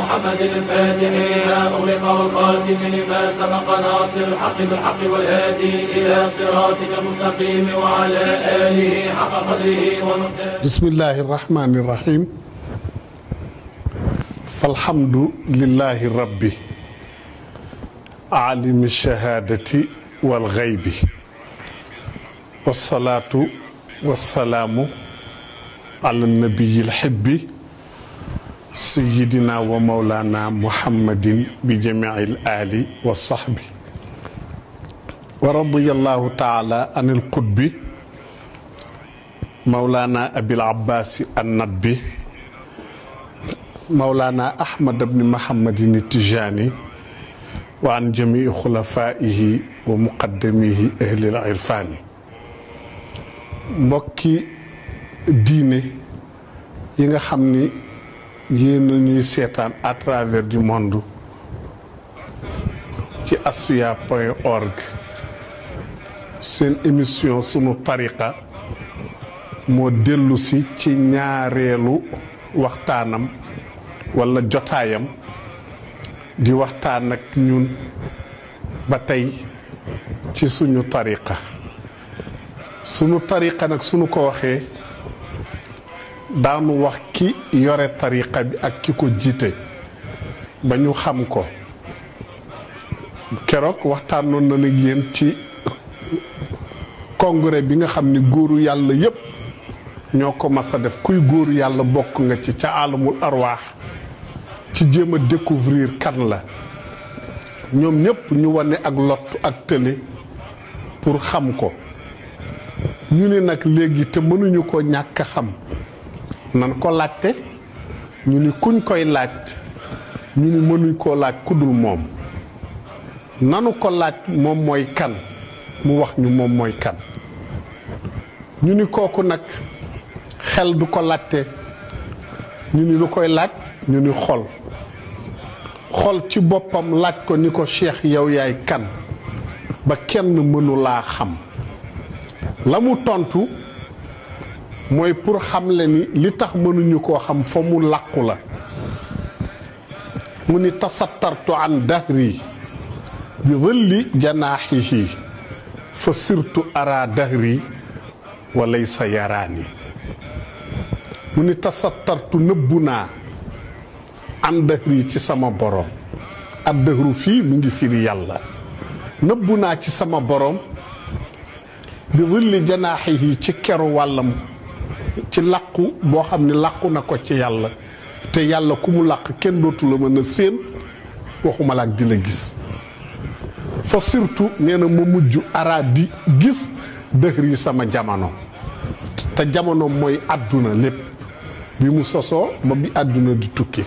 محمد الفاتح لما أغلق والخاتم لما سبق ناصر الحق بالحق والهادي إلى صراطك المستقيم وعلى آله حق قدره ومقداره بسم الله الرحمن الرحيم فالحمد لله ربي عالم الشهادة والغيب والصلاة والسلام على النبي الحبي سيدنا ومولانا محمد بجميع الآل والصحب ورضي الله تعالى عن القدب مولانا أبي العباس النبي مولانا أحمد بن محمد التجاني وعن جميع خلفائه ومقدميه أهل العرفان مبكي ديني ييغا خامني yéen ñuy seetaan à travers du monde ci asfiya point org seen émission sunu tariqa moo dellu ci ñaareelu waxtaanam walla jotaayam di waxtaan ak ñun ba tey ci suñu tariqa sunu tariqa nag sunu ko waxee daanu wax ki yore tariqa bi ak ki ko jiite ba ñu xam ko keroog waxtaanoon na nag yéen ci kongre bi nga xam ni góoru yàlla yépp ñoo ko mas a def kuy góor yàlla bokk nga ci ca alamul arwaax ci jéem a découvrir kan la ñoom ñépp ñu wane ak lot ak tële pour xam ko ñu ne nag léegi te mënuñu ko ñàkk xam nan ko laajte ñu ni kuñ koy laaj ñu ni mënuñ koo laaj kuddul moom nanu ko laaj moom mooy kan mu wax ñu moom mooy kan ñu ni kooku nag xel du ko laajte ñu ni lu koy laaj ñu ni xol xol ci boppam laaj ko ni ko cheikh yow yaay kan ba kenn mënu laa xam la mu tontu mooy pour xamle ni li tax mënuñu koo xam fa mu làqu la mu ni tasattartu an dahri bi dhilli janaahihi fa sirtu ara dahri wa laysa yaraani mu ni tasattartu nëbbu naa an dahri ci sama borom ad dahru fii mu ngi firi yàlla nëbbu naa ci sama borom bi dhilli janaahihi ci keru wàllam ci làqu boo xam ne làqu na ko ci yàlla te yàlla ku mu làq kenn dootu la mën a séen waxuma la ak di la gis fa surtout nee mujj araa di gis dëhër yi sama jamono te jamono mooy àdduna lépp bi mu sosoo ba bi àdduna di tukki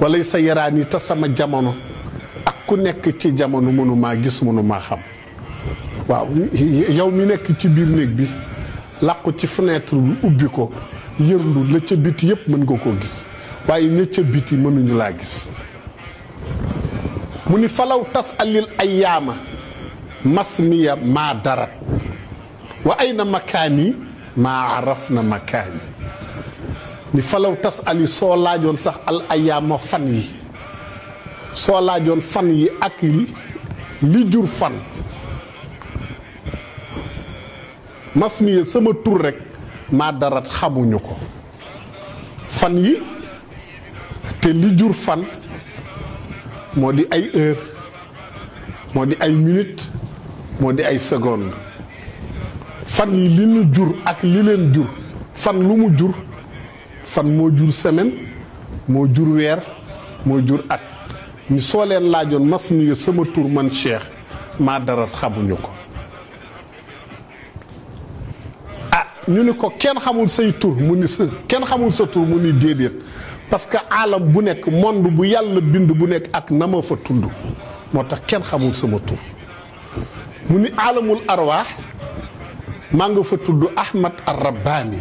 wala sa yaraan yi te sama jamono ak ku nekk ci jamono mënumaa gis mënumaa xam waaw yow mi nekk ci biir néeg bi làqu ci fenêtre bi ubbi ko yërndu la ca biti yëpp mën nga koo gis waaye ña ca biti mënuñu laa gis mu ni falaw tas alil ayaama masmiya maa darat wa ay na makaani maa araf na makaani ni falaw tas ali soo laajoon sax al ayaama fan yi soo laajoon fan yi ak li jur fan mas mi sama tur rek maa darat xamuñu ko fan yi te li jur fan moo di ay heure moo di ay minute moo di ay seconde fan yi li nu jur ak li leen jur fan lu mu jur fan moo jur semaine moo jur weer moo jur at ñu soo leen laajoon mas mi sama tur man Cheikh maa darat xamuñu ko ñu ni ko kenn xamul say tur mu ni sa kenn xamul sa tur mu ni déedéet parce que alam bu nekk monde bu yàlla bind bu nekk ak na ma fa tudd moo tax kenn xamul sama tur mu ni alamul arwaax maa nga fa tudd Ahmad Arrabbani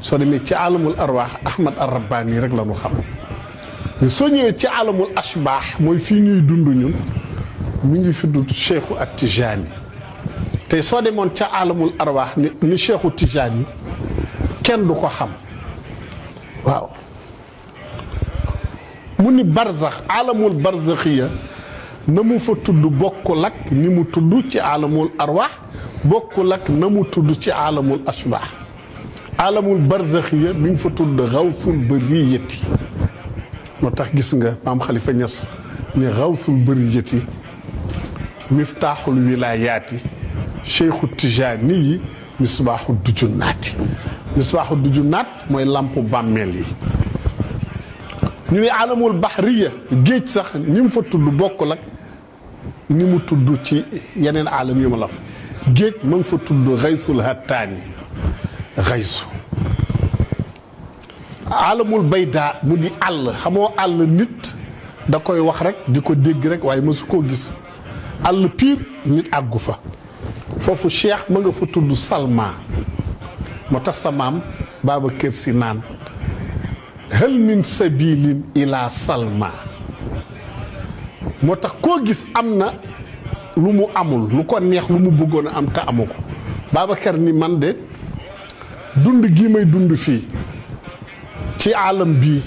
soo demee ci alamul arwaax Ahmad Arrabbani rek la ñu xam mais soo ñëwee ci alamul ashbaax mooy fii ñuy dund ñun mi ngi fi tudd Cheikhu At Tijaani te soo demoon ca alamul arwaax ni ni Cheikhu Tijaan kenn du ko xam waaw mu ni barzax alamul barzaxiya na mu fa tudd bokk ak ni mu tudd ci alamul arwaax bokk lakk na mu tudd ci alamul asbaax alamul barzaxiya mi ngi fa tudd xawsul bariyati moo tax gis nga maam Xalifa Ñas ni xawsul bariyati miftaaxul wilaayaati cheikhu tijaani yi misbaaxu duju naati misbaaxu duju naat mooy làmp bàmmeel yi ñu ne alamul baxriya géej sax ni mu fa tudd bokkul ak ni mu tudd ci yeneen alam yu ma la géej ma ngi fa tudd xaysul hattaani xaysu alamul bayda mu di àll xamoo àll nit da koy wax rek di ko dégg rek waaye mësu koo gis àll piir nit àggu fa foofu cheikh ma nga fa tudd salma moo tax sa maam baaba kër si naan hal min sabilin ila salma moo tax koo gis am na lu mu amul lu ko neex lu mu bëggoon a am te amu ko Babacar ni man de dund gii may dund fii ci àllam bii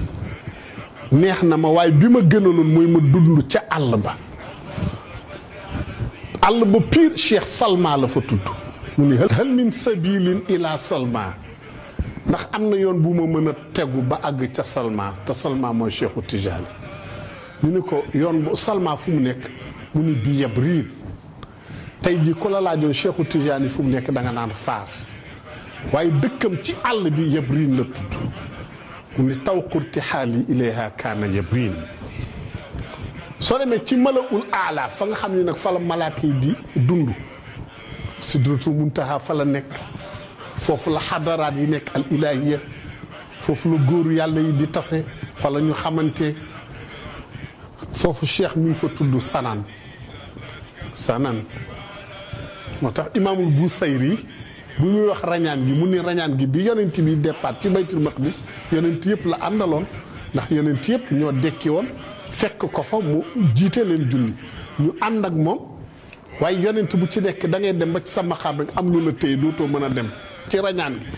neex na ma waaye bi ma gënaloon mooy ma dund ca àll ba الله ba pire Cheikh Salma la fa tudd mu ni hal min sabilin ila Salma ndax am na yoon bu ma ba àgg ca Salma te Salma mooy Cheikhu Tijaani ni ko yoon bu Salma fu mu nekk mu ni bi yab riit tey jii ku la laajoon Cheikhu Tijaani fu mu nekk da nga naan faas waaye dëkkam ci àll bi yab riin la tuddu mu ni tawqurti hali ilaha kana kaana yab soo demee ci malaul aala fa nga xam ni nag fa la malaaka yi di dund sidratul muntaha fa la nekk foofu la xadaraat yi nekk al ilahiya foofu la góor yàlla yi di tase fa la ñu xamante foofu cheikh mi ngi fa tudd sanaan sanaan moo tax imaamul Busayri bu muy wax rañaan gi mu ni rañaan gi bi yonent bi départ ci baytul maqdis yonent yëpp la àndaloon ndax yonent yëpp ñoo dekki woon fekk ko fa mu jiite leen julli ñu ànd ak moom waaye yonent bu ci nekk da ngay dem ba ci sa maqaam rek am lu la téye dootoo mën a dem ci rañaan gi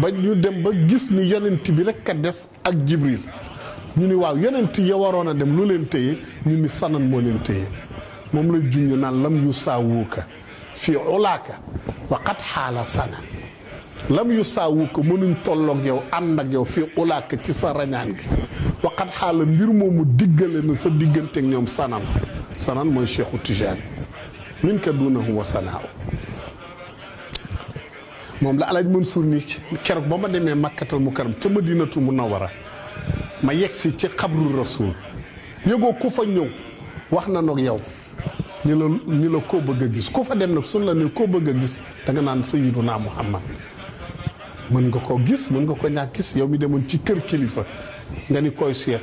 ba ñu dem ba gis ni yonent bi rek ka des ak jibril ñu ni waaw yonent ya waroon a dem lu leen téye ñu ni sanan moo leen téye moom la junj naan lam yu wuuka fi ulaaka wa qad xaala sanan lam yu saawu ko mënuñ tolloog yow ànd ak yow fii ulaaka ci sa rañaan gi waxat xaala mbir moomu diggale na sa digganteeg ñoom sanan sanan mooy cheikhu tijaani min ka duunahu wa sanaaw moom la alaaj Mansour ni keroog ba ma demee makkatal mu karam ca madinatu munawara ma yegsi ci xabru rasul yëgoo ku fa ñëw wax na noog yow ñu la ñu la koo bëgg a gis ku fa dem nag suñ la ne koo bëgg a gis da nga naan sayiduna muhammad mën nga ko gis mën nga ko ñàkk gis yow mi demoon ci kër kilifa nga ni koy seet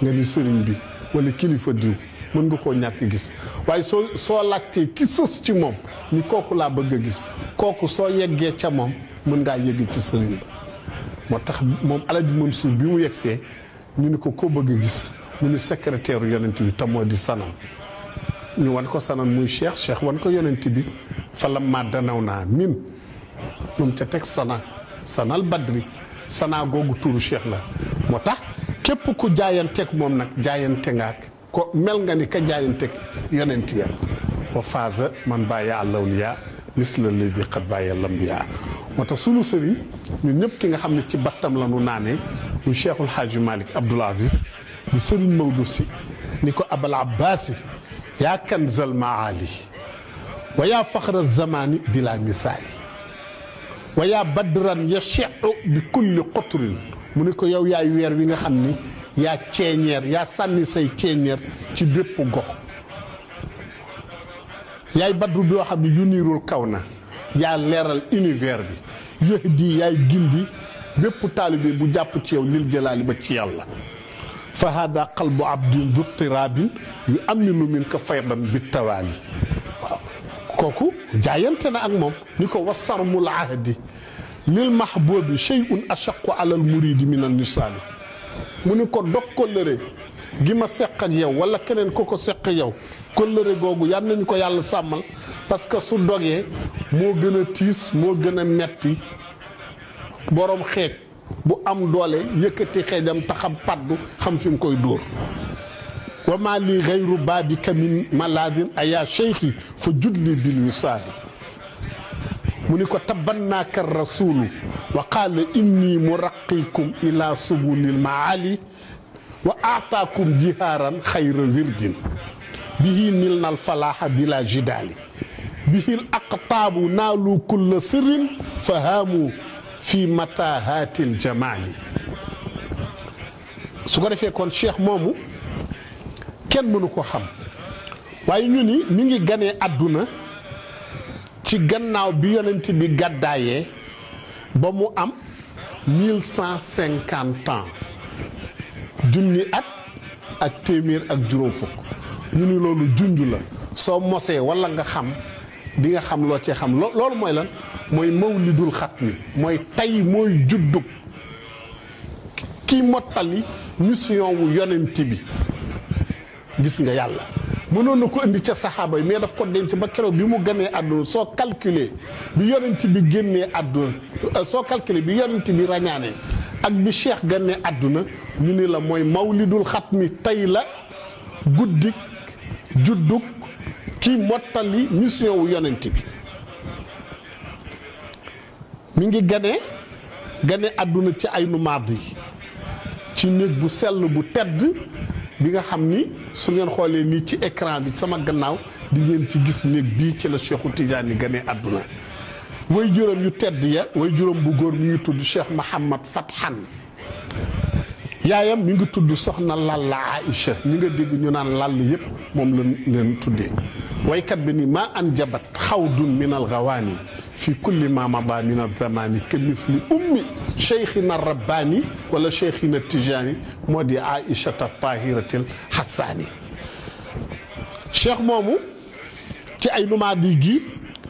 nga ni sëriñ bi walla kilifa diw mën nga koo ñàkk gis waaye soo soo laajtee ki sës ci moom ni kooku laa bëgg a gis kooku soo yeggee ca moom mën ngaa yegg ci sëriñ ba moo tax moom Alaaji Mansuur bi mu yegg see ñu ni ko koo bëgg a gis mu ni secrétaire yonent bi te di sanam ñu wan ko sanam muy cheikh cheikh wan ko yonent bi fa la ma danaw naa min lu ca teg sana sanal badri sanaa googu tuuru cheikh la moo tax képp ku jaayanteeg moom nag jaayante ngaak ko mel nga ni ka jaayanteeg yonent ya wa faaza man bàyya àllawliya misla lidi xat bàyya lambiya moo tax sunu sëriñ ñu ñëpp ki nga xam ne ci battam la nu naanee muy cheikhul haaji malik abdoul aziz di sëriñ mawdo si ni ko abal abbaasi yaa kanzal maali wa yaa faxra zamaani bila misaali wa yaa badran ya chequ bi kulli qutrin mu ni ko yow yaay weer wi nga xam ni yaa ceeñeer yaa sànni say ceeñeer ci bépp gox yaay badru bi yoo xam ne yu niirul kaw na yaa leeral univers bi yëh di yaay gindi bépp taalibe bu jàpp ci yow lil jalaali ba ci yàlla fa hada qalbu abdin du tiraabin yu am min ko faydan bi tawaali kooku jaayante na ak moom ni ko wasarmul ahdi lil mahbubi shay'un ashaqu alal muridi min annisaani mu ni ko dog kóllëre gi ma seq ak yow wala keneen ko ko seq yow kóllëre googu yal nañu ko yàlla sàmmal parce que su dogee moo gën a tiis moo gën a metti boroom xeej bu am doole yëkkati xeejam te xam paddu xam fi mu koy dóor وما لي غير بابك من ملاذ أيا شيخي فجدني بالوصال منك تبناك الرسول وقال إني مرقيكم إلى سبل المعالي وأعطاكم جهارا خير ورد به نلنا الفلاح بلا جدال به الأقطاب نالوا كل سر فهاموا في متاهات الجمال سكرة فيكون شيخ مومو kenn mënu ko xam waaye ñu ni mi ngi gane àdduna ci gannaaw bi yonent bi gàddaayee ba mu am mille cent cinquante ans junni at ak téeméer ak juróom fukk ñu ni loolu junj la soo mosee walla nga xam di nga xam loo ci xam loolu mooy lan mooy mawlidul xatmi mooy tey mooy juddug kii mottali mission wu yonent bi gis nga yàlla mënoon na ko indi ca saxaaba yi mais daf ko denc ba keroog bi mu gënee àdduna soo calculer bi yonent bi génnee àdduna euh, soo calculer bi yonent bi ràññaanee ak bi cheikh gënee àdduna ñu ni la mooy mawlidul xatmi tey la guddik judduk kii mottali mission wu yonent bi mu ngi gane gane àdduna ci ay nu maad yi ci néeg bu sell bu tedd bi nga xam ni su ngeen xoolee nii ci écran bi sama gannaaw di ngeen ci gis néeg bii ci la Cheikhul Tidiane gane àdduna way juróom yu tedd ya way juróom bu góor mi ngi tudd Cheikh Mahamad Fathan yaayam mi ngi tudd soxna Lalla Aïcha ñi nga dégg ñu naan lall yëpp moom la leen tuddee ويكاد بني ما أنجبت حوض من الغواني في كل ما مضى من الزمان كمثل أمي شيخنا الرباني ولا شيخنا التجاني مودي عائشة الطاهرة الحساني شيخ مومو تي أي نما ديجي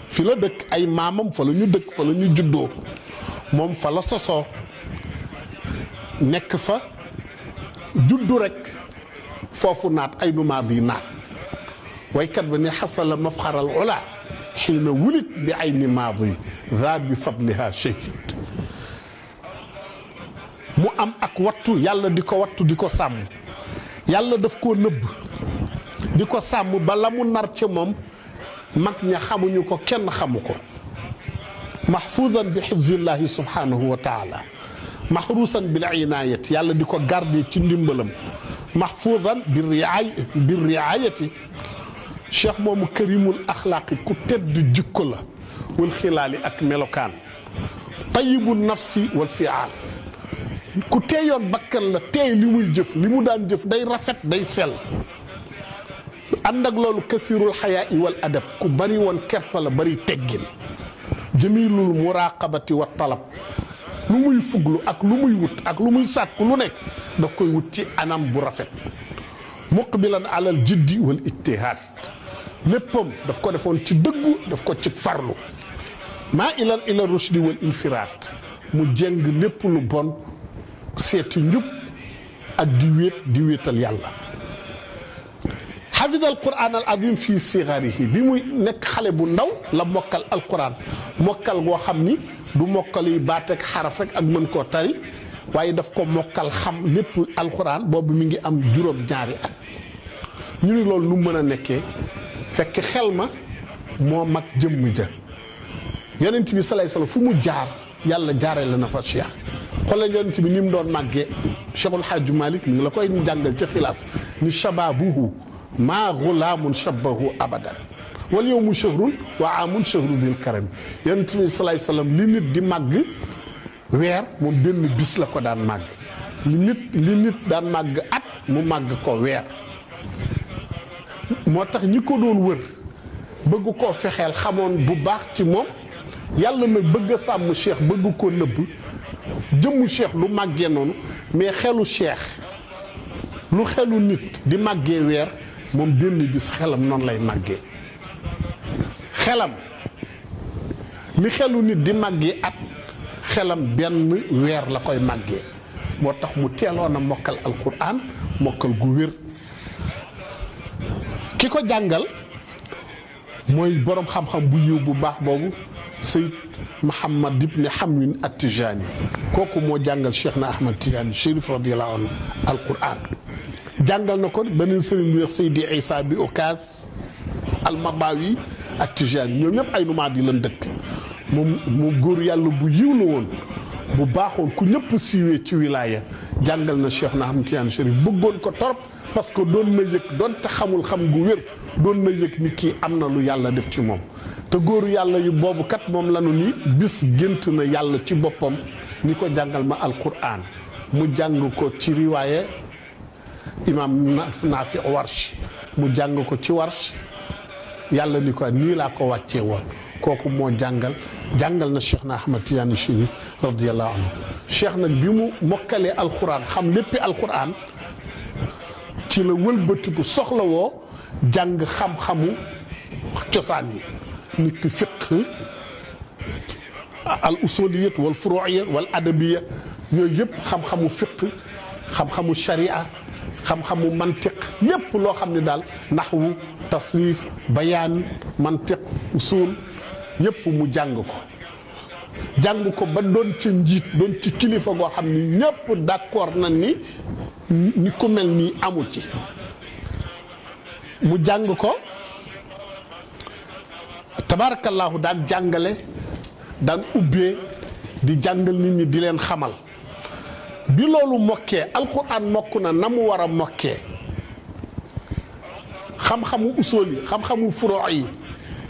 في لدك أي مامم فلو ندك فلو نجدو موم فلا سسو نكفا جدو رك فوفو نات أي نما دي نات ويكتب أن حصل مفخر الأولى حين ولد بعين ماضي ذا بفضلها شهيد مو أم أك واتو يالا ديكو واتو ديكو سامو يالا دفكو نب ديكو سامو بلامو نارتموم مك نخامو نيوكو كن نخاموكو محفوظا بحفظ الله سبحانه وتعالى محروسا بالعناية يالا ديكو غاردي تندم بلم محفوظا بالرعاية بالرعاية cheikh moomu karimul axlaaqi ku tedd jikko la wal xilaali ak melokaan tayibu nafsi wal fi'al ku teeyoon bakkan la tey li muy jëf li mu daan jëf day rafet day sell ànd ak loolu kasirul xayaa wal adab ku bari woon kersa la bari teggin jamilul muraqabati wa talab lu muy fuglu ak lu muy wut ak lu muy sàkk lu nekk da koy wut ci anam bu rafet muqbilan alal jiddi wal ijtihaad léppam daf ko defoon ci dëggu daf ko ci farlu maa ilan ila rushdi wal mu jëng lépp lu bon seeti njub ak di wéet yàlla xafida alquran al azim fii sigarihi bi muy nekk xale bu ndaw la mokkal alquran mokkal goo xam ni du mokkal yi baat ak rek ak mën koo tari waaye daf ko mokkal xam lépp alquran boobu mu ngi am juróom ñaari at ñu ni loolu nu mën a nekkee fekk xel ma moo mag jëmm ja yonent bi salay sala fu mu jaar yàlla jaaree la na fa cheikh xoolal yonent bi ni mu doon màggee cheikhul xaaju malik mi ngi la koy jàngal ci xilaas ni shababuhu maa gulaamun shabahu abadan wal yow mu chahrun wa amun chahru dil karami yonent bi salay salaam li nit di màgg weer moom benn bis la ko daan màgg li nit li nit daan màgg at mu màgg ko weer moo tax ñi ko doon wër bëgg koo fexeel xamoon bu baax ci moom yàlla nag bëgg sàmm cheikh bëgg ko nëbb jëmmu cheikh lu màggee noonu mais xelu cheikh lu xelu nit di màggee weer moom benn bis xelam noonu lay màggee xelam li xelu nit di màggee at xelam benn weer la koy màggee moo tax mu teeloon a mokkal alquran mokkal gu wér li ko jàngal mooy boroom xam-xam bu yiw bu baax boobu Seyd Mahamad ibni Hamwin at Tijaani kooku moo jàngal Cheikh na Ahmad Tijaani Chérif radiyallahu anhu alquran jàngal na ko beneen sëriñ bu weex Seydi Isa bi Okaas almabawi at Tijaani ñoom ñëpp ay numaa di dëkk moom góor yàlla bu yiw la woon bu baaxoon ku ñëpp siiwee ci wilaaya jàngal na Cheikh na Ahmad Tijaani Chérif bëggoon ko torop parce que doon na yëg doonte xamul xam gu wér doon na yëg ni kii am na lu yàlla def ci moom te góor yàlla yu boobu kat moom lanu ni bis gént na yàlla ci boppam ni ko jàngal ma alquran mu jàng ko ci riwaaye imaam naafi mu jàng ko ci warsh yàlla ni ko nii laa ko wàccee woon kooku moo jàngal jàngal na Cheikh na Ahmad Tidiane Chérif radiyallahu anhu Cheikh nag bi mu mokkalee alquran xam léppi alquran ci la wëlbeutiku soxla wo jàng xam-xamu ciosan yi nit ki fiq al usuliyat wal furu'iyya wal adabiyya yoy yep xam xam-xamu fiq xam-xamu sharia xam-xamu mantiq lépp lo xamni dal nahwu tasrif bayan mantiq usul yep mu jàng ko jàng ko ba doon ci njiit doon ci kilifa goo xam ni ñépp d'accord na ni ni ku mel nii amu ci mu jàng ko tabaarakallaahu daan jàngale daan ubbee di jàngal nit ñi di leen xamal bi loolu mokkee alxuraan mokk na na mu war a mokkee xam-xamu usool yi xam-xamu furoo yi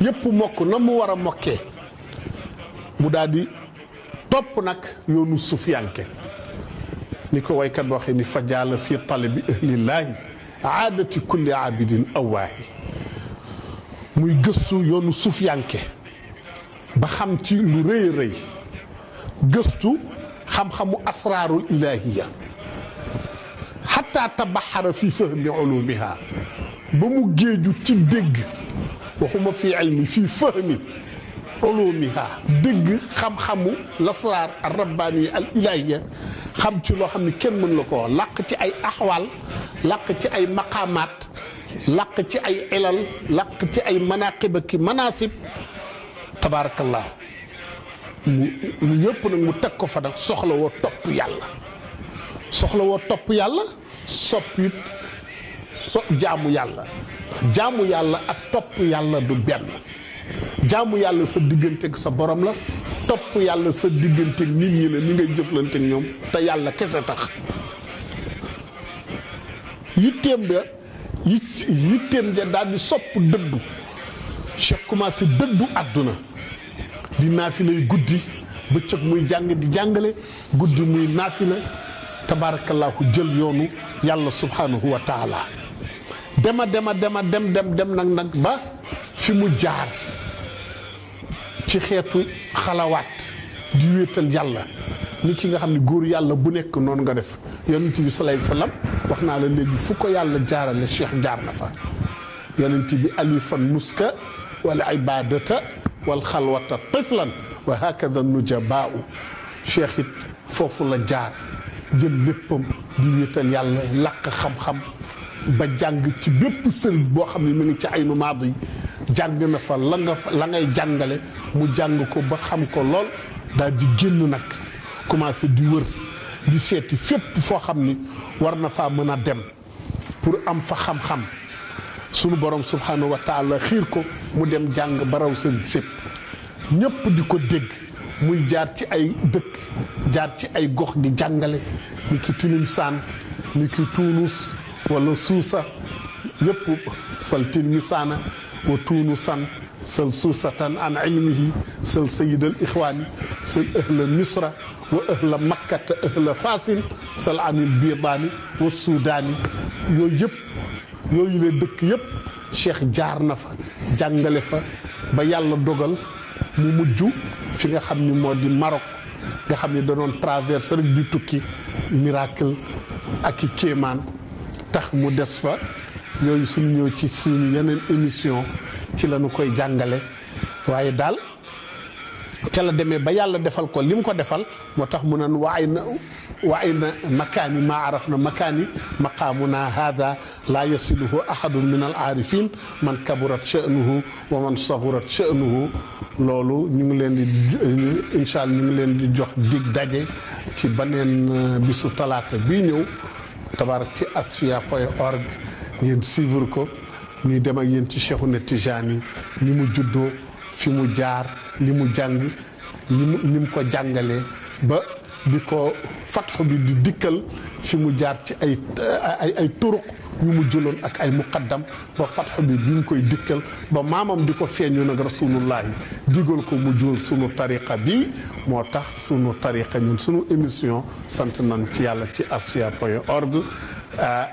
yëpp mokk na mu war a mokkee mu daal di topp nag yoonu sufiyanke ni ko waykat ba waxee ni fajaala fi talabi ahlillaahi aadati kulli abidin awaahi muy gëstu yoonu sufiyanke ba xam ci lu rëy rëy gëstu xam-xamu asraarul ilaahiya xataa tabaxara fi fahmi ulumiha ba mu géeju ci dégg waxuma fi ilmi fi fahmi ulumiha dégg xam-xamu lasraar al rabbaani al ilahiya xam ci loo xam ne kenn mën la ko làq ci ay axwaal làq ci ay maqaamaat làq ci ay ilal làq ci ay manaqiba ki manasib tabaarakallah mu mu nag mu teg ko fa nag soxla woo topp yàlla soxla woo topp yàlla sopp it jaamu yàlla jaamu yàlla ak topp yàlla du benn jaamu yàlla sa digganteek sa borom la topp yàlla sa digganteeg nit ñi la ni ngay jëflanteeg ñoom te yàlla kese tax yitteem ja yitteem ja daal di sopp dëddu Cheikh commencé dëddu àdduna di naafilay guddi bëccëg muy jàng di jàngale guddi muy naafila tabaarakallaahu jël yoonu yàlla subhanahu wa dema dema dema dem dem dem nag nag ba fi mu jaar ci xeetu xalawaat di wéetal yàlla ni ki nga xam ne góor yàlla bu nekk noonu nga def yonent bi salay salaam wax naa la léegi fu ko yàlla jaarale cheikh jaar na fa yonent bi alifan muska wal ibadata wal xalwata tiflan wa hakada nujabaau cheikh it foofu la jaar jël léppam di wéetal yàlla làq xam-xam ba jàng ci bépp sëriñ boo xam ne mu ngi ci aynu maadi yi jàng na fa la fa la ngay jàngale mu jàng ko ba xam ko lool daal di génn nag commencé di wër di seeti fépp foo xam ni war na faa mën a dem pour am fa xam-xam sunu borom subhanahu wa xiir ko mu dem jàng baraw seen sépp ñëpp di ko dégg muy jaar ci ay dëkk jaar ci ay gox gi jàngale ni ki Tilimsaan ni ki Tuunus wala Suusa yëpp sal Tilmisaana وتونو سن سل سوسة عن علمه سل سيد الإخوان سل أهل مصر وأهل مكة أهل فاسل سل عن البيضاني والسوداني يجب يجب دك يب شيخ جارنفا جانغلفا بيال دوغل ممجو في خمني مودي مارك nga xam ne da doon traversé rek di tukki miracle ak kéemaan tax mu des fa yooyu suñ ñëw ci suñu yeneen émission ci la ñu koy jàngale waaye daal ca la demee ba yàlla defal ko li mu ko defal moo tax mu naan waay na waay na makaani maa araf na makaani maqaamuna haada laa yasiluhu ahadun min al aarifin man kaburat sha'nuhu wa man sahurat sha'nuhu loolu ñu ngi leen di incha allah ñu ngi leen di jox dig daje ci beneen bisu talaata bii ñëw tabarak ci asfiya point org ngeen suivre ko ñuy dem ak yéen ci Cheikhouna Tijani ni mu juddoo fi mu jaar li mu jàng ni mu ni mu ko jàngalee ba bi ko fatxu bi di dikkal fi mu jaar ci ay ay ay ñu mu jëloon ak ay muqaddam ba fatx bi bi mu koy dikkal ba maamam di ko feeñu nag rasulullahi digal ko mu jël suñu tariqa bi moo tax suñu tariqa ñun sunu émission sant nañ ci yàlla ci asfiya point org ah,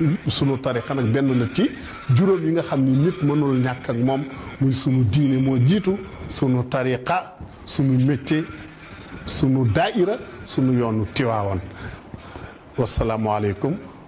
nag benn la ci juróom yi nga xam ni nit mënul ñàkk ak moom muy suñu diine moo jiitu suñu tariqa sunu métier sunu daaira sunu yoonu tiwaawan wasalaamualeykum